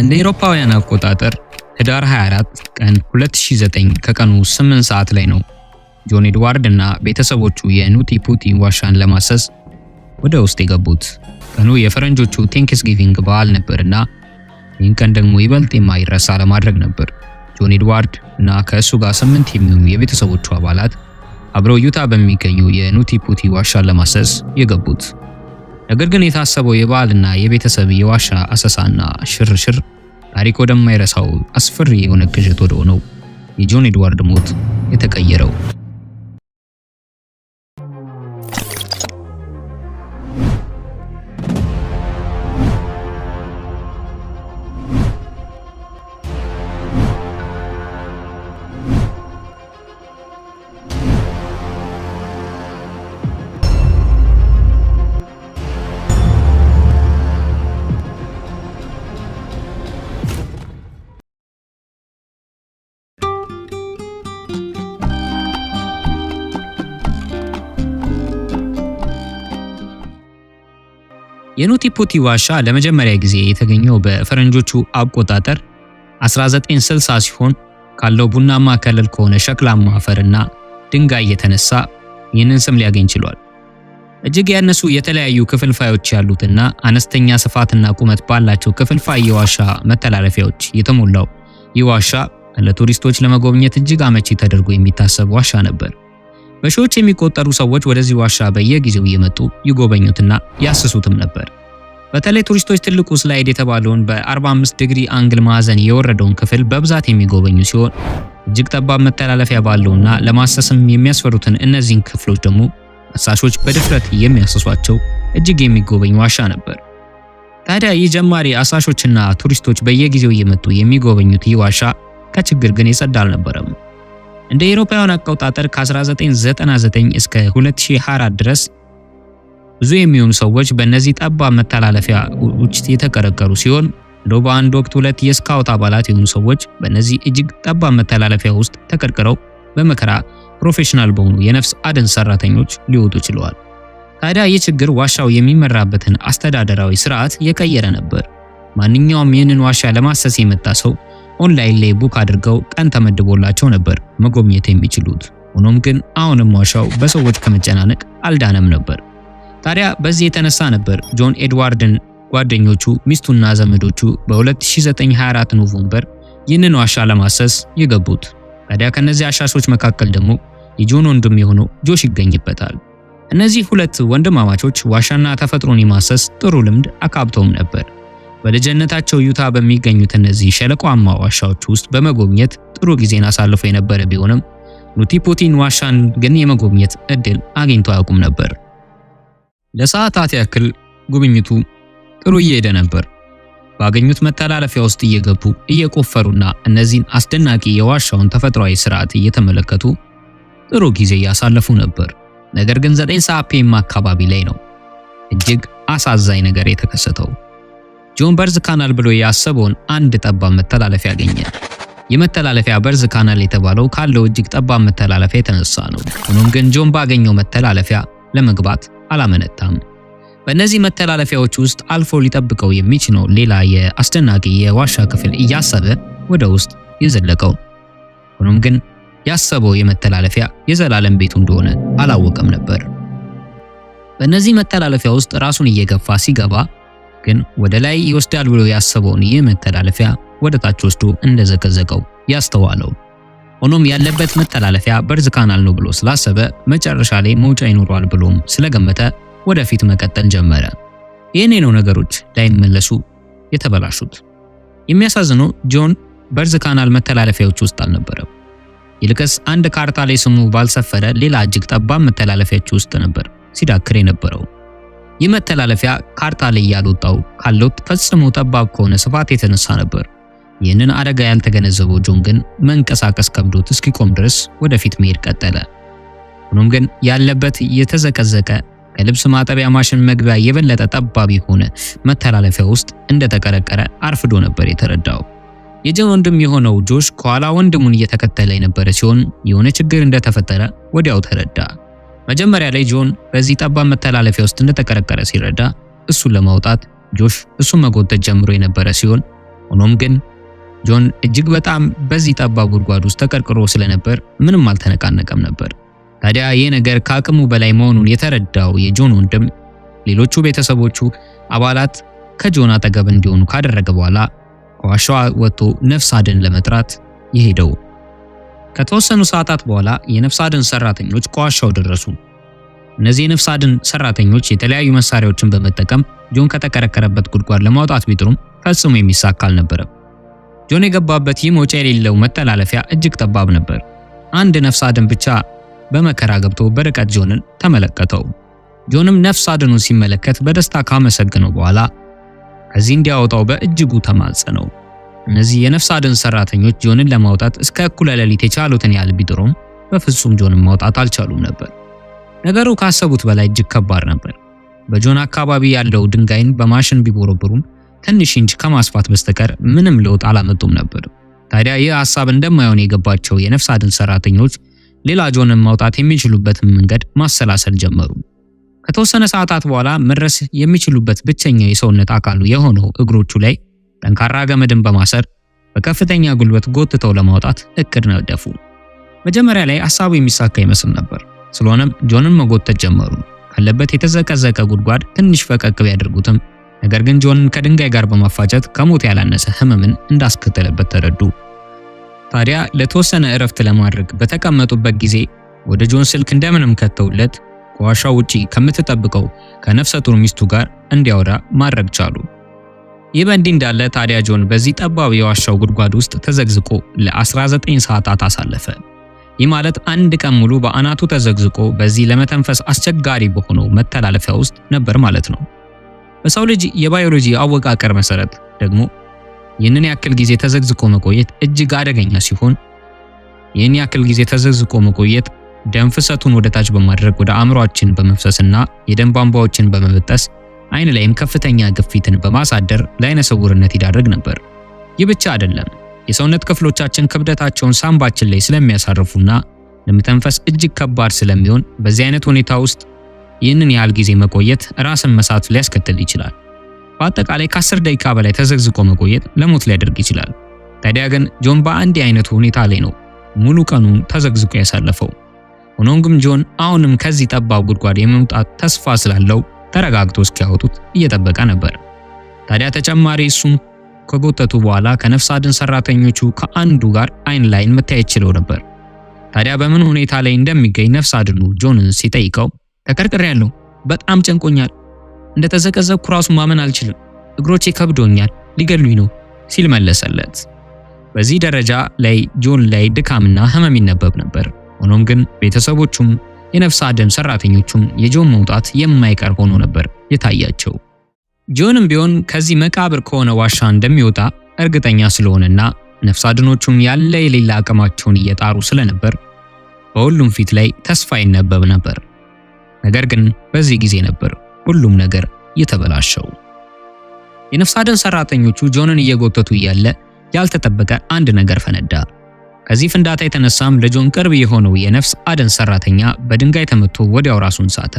እንደ ኤሮፓውያን አቆጣጠር ህዳር 24 ቀን 2009 ከቀኑ 8 ሰዓት ላይ ነው ጆን ኤድዋርድ እና ቤተሰቦቹ የኑቲ ፑቲ ዋሻን ለማሰስ ወደ ውስጥ የገቡት። ቀኑ የፈረንጆቹ ቴንክስ ጊቪንግ በዓል ነበርና ይህን ቀን ደግሞ ይበልጥ የማይረሳ ለማድረግ ነበር። ጆን ኤድዋርድ እና ከእሱ ጋር ስምንት የሚሆኑ የቤተሰቦቹ አባላት አብረው ዩታ በሚገኙ የኑቲ ፑቲ ዋሻን ለማሰስ የገቡት። ነገር ግን የታሰበው የበዓልና የቤተሰብ የዋሻ አሰሳና ሽርሽር ታሪክ ወደማይረሳው አስፈሪ የሆነ ቅዠት ወደሆነው የጆን ኤድዋርድ ሞት የተቀየረው የኑቲፖቲ ዋሻ ለመጀመሪያ ጊዜ የተገኘው በፈረንጆቹ አቆጣጠር 1960 ሲሆን ካለው ቡናማ ከለል ከሆነ ሸክላማ አፈርና ድንጋይ የተነሳ ይህንን ስም ሊያገኝ ችሏል። እጅግ ያነሱ የተለያዩ ክፍልፋዮች ያሉትና አነስተኛ ስፋትና ቁመት ባላቸው ክፍልፋይ የዋሻ መተላለፊያዎች የተሞላው ይህ ዋሻ ለቱሪስቶች ለመጎብኘት እጅግ አመቺ ተደርጎ የሚታሰብ ዋሻ ነበር። በሺዎች የሚቆጠሩ ሰዎች ወደዚህ ዋሻ በየጊዜው እየመጡ ይጎበኙትና ያስሱትም ነበር። በተለይ ቱሪስቶች ትልቁ ስላይድ የተባለውን በ45 ዲግሪ አንግል ማዕዘን የወረደውን ክፍል በብዛት የሚጎበኙ ሲሆን እጅግ ጠባብ መተላለፊያ ባለውና ለማሰስም የሚያስፈሩትን እነዚህን ክፍሎች ደግሞ አሳሾች በድፍረት የሚያሰሷቸው እጅግ የሚጎበኝ ዋሻ ነበር። ታዲያ ይህ ጀማሪ አሳሾችና ቱሪስቶች በየጊዜው እየመጡ የሚጎበኙት ይህ ዋሻ ከችግር ግን የጸዳ አልነበረም። እንደ አውሮፓውያን አቆጣጠር ከ1999 እስከ 2024 ድረስ ብዙ የሚሆኑ ሰዎች በእነዚህ ጠባብ ውስጥ የተቀረቀሩ ሲሆን እንደው በአንድ ወቅት ሁለት የስካውት አባላት የሆኑ ሰዎች በእነዚህ እጅግ ጠባብ መተላለፊያ ውስጥ ተቀርቅረው በመከራ ፕሮፌሽናል በሆኑ የነፍስ አደን ሰራተኞች ሊወጡ ችለዋል። ታዲያ ይህ ችግር ዋሻው የሚመራበትን አስተዳደራዊ ስርዓት የቀየረ ነበር። ማንኛውም ይህንን ዋሻ ለማሰስ የመጣ ሰው ኦንላይን ላይ ቡክ አድርገው ቀን ተመድቦላቸው ነበር መጎብኘት የሚችሉት። ሆኖም ግን አሁንም ዋሻው በሰዎች ከመጨናነቅ አልዳነም ነበር። ታዲያ በዚህ የተነሳ ነበር ጆን ኤድዋርድን ጓደኞቹ፣ ሚስቱና ዘመዶቹ በ2024 ኖቬምበር ይህንን ዋሻ ለማሰስ የገቡት። ታዲያ ከነዚህ አሻሾች መካከል ደግሞ የጆን ወንድም የሆነው ጆሽ ይገኝበታል። እነዚህ ሁለት ወንድማማቾች ዋሻና ተፈጥሮን የማሰስ ጥሩ ልምድ አካብተውም ነበር። በልጅነታቸው ዩታ በሚገኙት እነዚህ ሸለቋማ ዋሻዎች ውስጥ በመጎብኘት ጥሩ ጊዜን አሳልፎ የነበረ ቢሆንም ኑቲፖቲን ዋሻን ግን የመጎብኘት እድል አግኝቶ አያውቁም ነበር። ለሰዓታት ያክል ጉብኝቱ ጥሩ እየሄደ ነበር። ባገኙት መተላለፊያ ውስጥ እየገቡ እየቆፈሩና እነዚህን አስደናቂ የዋሻውን ተፈጥሯዊ ስርዓት እየተመለከቱ ጥሩ ጊዜ እያሳለፉ ነበር። ነገር ግን 9 ሰዓት ፒኤም አካባቢ ላይ ነው እጅግ አሳዛኝ ነገር የተከሰተው። ጆን በርዝ ካናል ብሎ ያሰበውን አንድ ጠባብ መተላለፊያ አገኘ። የመተላለፊያ በርዝ ካናል የተባለው ካለው እጅግ ጠባብ መተላለፊያ የተነሳ ነው። ሆኖም ግን ጆን ባገኘው መተላለፊያ ለመግባት አላመነታም። በእነዚህ መተላለፊያዎች ውስጥ አልፎ ሊጠብቀው የሚችለው ሌላ የአስደናቂ የዋሻ ክፍል እያሰበ ወደ ውስጥ የዘለቀው። ሆኖም ግን ያሰበው የመተላለፊያ የዘላለም ቤቱ እንደሆነ አላወቀም ነበር። በእነዚህ መተላለፊያ ውስጥ ራሱን እየገፋ ሲገባ ግን ወደ ላይ ይወስዳል ብሎ ያሰበውን ይህ መተላለፊያ ወደ ታች ወስዶ እንደዘቀዘቀው ያስተዋለው። ሆኖም ያለበት መተላለፊያ በርዝ ካናል ነው ብሎ ስላሰበ መጨረሻ ላይ መውጫ ይኖረዋል ብሎም ስለገመተ ወደፊት መቀጠል ጀመረ። ይህኔ ነው ነገሮች ላይመለሱ የተበላሹት። የሚያሳዝነው ጆን በርዝ ካናል መተላለፊያዎች ውስጥ አልነበረም። ይልቅስ አንድ ካርታ ላይ ስሙ ባልሰፈረ ሌላ እጅግ ጠባብ መተላለፊያዎች ውስጥ ነበር ሲዳክር የነበረው። ይህ መተላለፊያ ካርታ ላይ ያልወጣው ካለው ፈጽሞ ጠባብ ከሆነ ስፋት የተነሳ ነበር። ይህንን አደጋ ያልተገነዘበው ጆን ግን መንቀሳቀስ ከብዶት እስኪቆም ድረስ ወደፊት መሄድ ቀጠለ። ሆኖም ግን ያለበት የተዘቀዘቀ ከልብስ ማጠቢያ ማሽን መግቢያ የበለጠ ጠባብ የሆነ መተላለፊያ ውስጥ እንደተቀረቀረ አርፍዶ ነበር የተረዳው። የጆን ወንድም የሆነው ጆሽ ከኋላ ወንድሙን እየተከተለ የነበረ ሲሆን የሆነ ችግር እንደተፈጠረ ወዲያው ተረዳ። መጀመሪያ ላይ ጆን በዚህ ጠባብ መተላለፊያ ውስጥ እንደተቀረቀረ ሲረዳ እሱን ለማውጣት ጆሽ እሱን መጎተት ጀምሮ የነበረ ሲሆን ሆኖም ግን ጆን እጅግ በጣም በዚህ ጠባብ ጉድጓድ ውስጥ ተቀርቅሮ ስለነበር ምንም አልተነቃነቀም ነበር። ታዲያ ይህ ነገር ከአቅሙ በላይ መሆኑን የተረዳው የጆን ወንድም ሌሎቹ ቤተሰቦቹ አባላት ከጆን አጠገብ እንዲሆኑ ካደረገ በኋላ ከዋሻዋ ወጥቶ ነፍስ አድን ለመጥራት የሄደው ከተወሰኑ ሰዓታት በኋላ የነፍስ አድን ሰራተኞች ከዋሻው ደረሱ። እነዚህ የነፍስ አድን ሰራተኞች የተለያዩ መሳሪያዎችን በመጠቀም ጆን ከተከረከረበት ጉድጓድ ለማውጣት ቢጥሩም ፈጽሞ የሚሳካ አልነበረም። ጆን የገባበት ይህ መውጫ የሌለው መተላለፊያ እጅግ ጠባብ ነበር። አንድ ነፍስ አድን ብቻ በመከራ ገብቶ በርቀት ጆንን ተመለከተው። ጆንም ነፍስ አድኑን ሲመለከት በደስታ ካመሰግነው በኋላ ከዚህ እንዲያወጣው በእጅጉ ተማጸነው። እነዚህ የነፍስ አድን ሰራተኞች ጆንን ለማውጣት እስከ እኩለ ሌሊት የቻሉትን ያህል ቢጥሩም በፍጹም ጆንን ማውጣት አልቻሉም ነበር። ነገሩ ካሰቡት በላይ እጅግ ከባድ ነበር። በጆን አካባቢ ያለው ድንጋይን በማሽን ቢቦረብሩም ትንሽ ኢንች ከማስፋት በስተቀር ምንም ለውጥ አላመጡም ነበር። ታዲያ ይህ ሐሳብ እንደማይሆን የገባቸው የነፍስ አድን ሰራተኞች ሌላ ጆንን ማውጣት የሚችሉበትን መንገድ ማሰላሰል ጀመሩ። ከተወሰነ ሰዓታት በኋላ መድረስ የሚችሉበት ብቸኛው የሰውነት አካሉ የሆነው እግሮቹ ላይ ጠንካራ ገመድን በማሰር በከፍተኛ ጉልበት ጎትተው ለማውጣት እቅድ ነደፉ። መጀመሪያ ላይ ሀሳቡ የሚሳካ ይመስል ነበር። ስለሆነም ጆንን መጎተት ጀመሩ። ካለበት የተዘቀዘቀ ጉድጓድ ትንሽ ፈቀቅ ቢያደርጉትም ነገር ግን ጆንን ከድንጋይ ጋር በማፋጨት ከሞት ያላነሰ ህመምን እንዳስከተለበት ተረዱ። ታዲያ ለተወሰነ እረፍት ለማድረግ በተቀመጡበት ጊዜ ወደ ጆን ስልክ እንደምንም ከተውለት ከዋሻው ውጪ ከምትጠብቀው ከነፍሰ ጡር ሚስቱ ጋር እንዲያወራ ማድረግ ቻሉ። ይህ በእንዲህ እንዳለ ታዲያ ጆን በዚህ ጠባብ የዋሻው ጉድጓድ ውስጥ ተዘግዝቆ ለ19 ሰዓታት አሳለፈ። ይህ ማለት አንድ ቀን ሙሉ በአናቱ ተዘግዝቆ በዚህ ለመተንፈስ አስቸጋሪ በሆነው መተላለፊያ ውስጥ ነበር ማለት ነው። በሰው ልጅ የባዮሎጂ አወቃቀር መሰረት ደግሞ ይህንን ያክል ጊዜ ተዘግዝቆ መቆየት እጅግ አደገኛ ሲሆን ይህን ያክል ጊዜ ተዘግዝቆ መቆየት ደም ፍሰቱን ወደታች በማድረግ ወደ አእምሯችን በመፍሰስና የደም ቧንቧዎችን በመበጠስ አይን ላይም ከፍተኛ ግፊትን በማሳደር ለአይነ ስውርነት ይዳርግ ነበር። ይህ ብቻ አይደለም። የሰውነት ክፍሎቻችን ክብደታቸውን ሳምባችን ላይ ስለሚያሳርፉና ለመተንፈስ እጅግ ከባድ ስለሚሆን በዚህ አይነት ሁኔታ ውስጥ ይህንን ያህል ጊዜ መቆየት ራስን መሳት ሊያስከትል ይችላል። በአጠቃላይ ከ10 ደቂቃ በላይ ተዘግዝቆ መቆየት ለሞት ሊያደርግ ይችላል። ታዲያ ግን ጆን በአንድ አይነቱ ሁኔታ ላይ ነው ሙሉ ቀኑን ተዘግዝቆ ያሳለፈው። ሆኖም ግን ጆን አሁንም ከዚህ ጠባብ ጉድጓድ የመውጣት ተስፋ ስላለው ተረጋግቶ እስኪያወጡት እየጠበቀ ነበር። ታዲያ ተጨማሪ እሱም ከጎተቱ በኋላ ከነፍስ አድን ሰራተኞቹ ከአንዱ ጋር አይን ላይን መታየት ችለው ነበር። ታዲያ በምን ሁኔታ ላይ እንደሚገኝ ነፍስ አድኑ ጆን ሲጠይቀው ያለው በጣም ጨንቆኛል፣ እንደተዘቀዘቅኩ ራሱ ማመን አልችልም፣ እግሮቼ ከብዶኛል፣ ሊገሉኝ ነው ሲል መለሰለት። በዚህ ደረጃ ላይ ጆን ላይ ድካምና ህመም ይነበብ ነበር። ሆኖም ግን ቤተሰቦቹም የነፍስ አድን ሰራተኞቹም የጆን መውጣት የማይቀር ሆኖ ነበር የታያቸው። ጆንም ቢሆን ከዚህ መቃብር ከሆነ ዋሻ እንደሚወጣ እርግጠኛ ስለሆነና ነፍስ አድኖቹም ያለ የሌላ አቅማቸውን እየጣሩ ስለነበር በሁሉም ፊት ላይ ተስፋ ይነበብ ነበር። ነገር ግን በዚህ ጊዜ ነበር ሁሉም ነገር የተበላሸው። የነፍስ አድን ሰራተኞቹ ጆንን እየጎተቱ እያለ ያልተጠበቀ አንድ ነገር ፈነዳ። ከዚህ ፍንዳታ የተነሳም ለጆን ቅርብ የሆነው የነፍስ አደን ሰራተኛ በድንጋይ ተመቶ ወዲያው ራሱን ሳተ።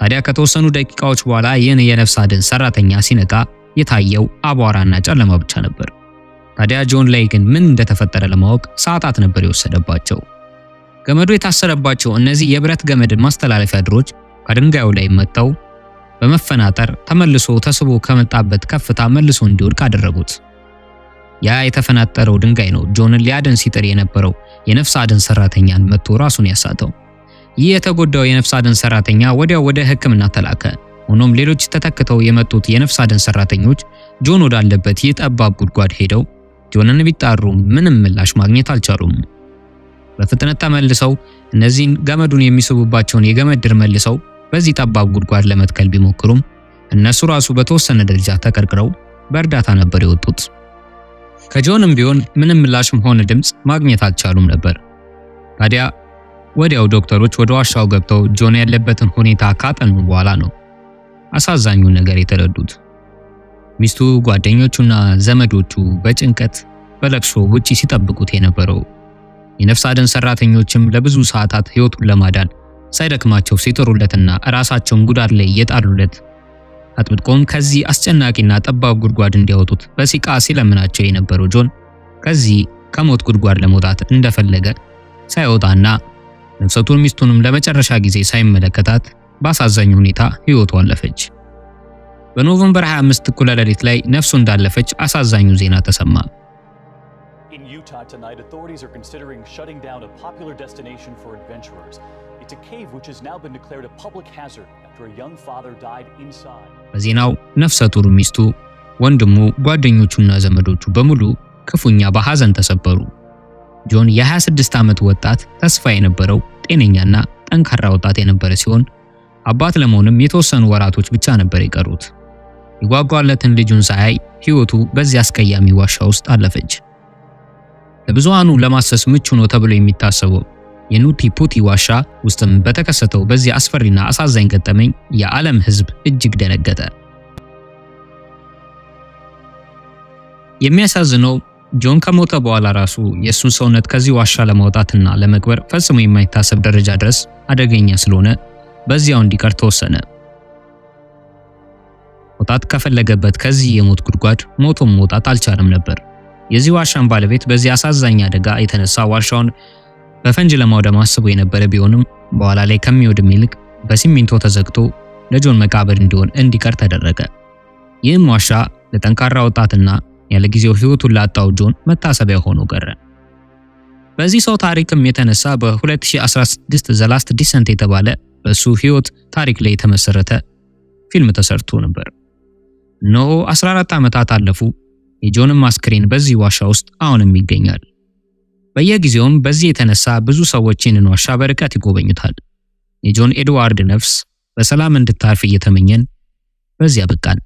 ታዲያ ከተወሰኑ ደቂቃዎች በኋላ ይህን የነፍስ አደን ሰራተኛ ሲነቃ የታየው አቧራና ጨለማ ብቻ ነበር። ታዲያ ጆን ላይ ግን ምን እንደተፈጠረ ለማወቅ ሰዓታት ነበር የወሰደባቸው። ገመዱ የታሰረባቸው እነዚህ የብረት ገመድ ማስተላለፊያ ድሮች ከድንጋዩ ላይ መጥተው በመፈናጠር ተመልሶ ተስቦ ከመጣበት ከፍታ መልሶ እንዲወድቅ አደረጉት። ያ የተፈናጠረው ድንጋይ ነው ጆንን ሊያድን ሲጥር የነበረው የነፍስ አድን ሰራተኛን መጥቶ ራሱን ያሳተው። ይህ የተጎዳው የነፍስ አድን ሰራተኛ ወዲያው ወደ ሕክምና ተላከ። ሆኖም ሌሎች ተተክተው የመጡት የነፍስ አድን ሰራተኞች ጆን ወዳለበት ይህ ጠባብ ጉድጓድ ሄደው ጆንን ቢጣሩ ምንም ምላሽ ማግኘት አልቻሉም። በፍጥነት ተመልሰው እነዚህን ገመዱን የሚስቡባቸውን የገመድ ድር መልሰው በዚህ ጠባብ ጉድጓድ ለመትከል ቢሞክሩም እነሱ ራሱ በተወሰነ ደረጃ ተቀርቅረው በእርዳታ ነበር የወጡት። ከጆንም ቢሆን ምንም ምላሽም ሆነ ድምፅ ማግኘት አልቻሉም ነበር። ታዲያ ወዲያው ዶክተሮች ወደ ዋሻው ገብተው ጆን ያለበትን ሁኔታ ካጠኑ በኋላ ነው አሳዛኙን ነገር የተረዱት። ሚስቱ፣ ጓደኞቹና ዘመዶቹ በጭንቀት በለቅሶ ውጪ ሲጠብቁት የነበረው የነፍስ አድን ሰራተኞችም ለብዙ ሰዓታት ሕይወቱን ለማዳን ሳይደክማቸው ሲጥሩለትና ራሳቸውን ጉዳት ላይ የጣሉለት አጥብቆም ከዚህ አስጨናቂና ጠባብ ጉድጓድ እንዲያወጡት በሲቃ ሲለምናቸው የነበረው ጆን ከዚህ ከሞት ጉድጓድ ለመውጣት እንደፈለገ ሳይወጣና ነፍሰጡር ሚስቱንም ለመጨረሻ ጊዜ ሳይመለከታት በአሳዛኝ ሁኔታ ህይወቱ አለፈች። በኖቬምበር 25 እኩለ ሌሊት ላይ ነፍሱ እንዳለፈች አሳዛኙ ዜና ተሰማ። In Utah tonight, authorities are considering shutting down a popular destination for adventurers. It's a cave which a public hazard after a በዜናው ነፍሰ ጡር ሚስቱ፣ ወንድሙ፣ ጓደኞቹና ዘመዶቹ በሙሉ ክፉኛ በሐዘን ተሰበሩ። ጆን የ26 ዓመት ወጣት ተስፋ የነበረው ጤነኛና ጠንካራ ወጣት የነበረ ሲሆን አባት ለመሆንም የተወሰኑ ወራቶች ብቻ ነበር የቀሩት። የጓጓለትን ልጁን ሳያይ ሕይወቱ በዚህ አስቀያሚ ዋሻ ውስጥ አለፈች። ለብዙሃኑ ለማሰስ ምቹ ነው ተብሎ የሚታሰበው የኑቲ ፑቲ ዋሻ ውስጥም በተከሰተው በዚህ አስፈሪና አሳዛኝ ገጠመኝ የዓለም ሕዝብ እጅግ ደነገጠ። የሚያሳዝነው ጆን ከሞተ በኋላ ራሱ የእሱን ሰውነት ከዚህ ዋሻ ለማውጣትና ለመቅበር ፈጽሞ የማይታሰብ ደረጃ ድረስ አደገኛ ስለሆነ በዚያው እንዲቀር ተወሰነ። መውጣት ከፈለገበት ከዚህ የሞት ጉድጓድ ሞቶም መውጣት አልቻለም ነበር። የዚህ ዋሻን ባለቤት በዚህ አሳዛኝ አደጋ የተነሳ ዋሻውን በፈንጅ ለማውደም አስቦ የነበረ ቢሆንም በኋላ ላይ ከሚወድም ይልቅ በሲሚንቶ ተዘግቶ ለጆን መቃብር እንዲሆን እንዲቀር ተደረገ። ይህም ዋሻ ለጠንካራ ወጣትና ያለ ጊዜው ሕይወቱን ላጣው ጆን መታሰቢያ ሆኖ ቀረ። በዚህ ሰው ታሪክም የተነሳ በ2016 ዘላስት ዲሰንት የተባለ በሱ ህይወት ታሪክ ላይ የተመሰረተ ፊልም ተሰርቶ ነበር። እነሆ 14 ዓመታት አለፉ። የጆንም አስክሬን በዚህ ዋሻ ውስጥ አሁንም ይገኛል። በየጊዜውም በዚህ የተነሳ ብዙ ሰዎች ይህንን ዋሻ በርቀት ይጎበኙታል። የጆን ኤድዋርድ ነፍስ በሰላም እንድታርፍ እየተመኘን በዚያ በቃል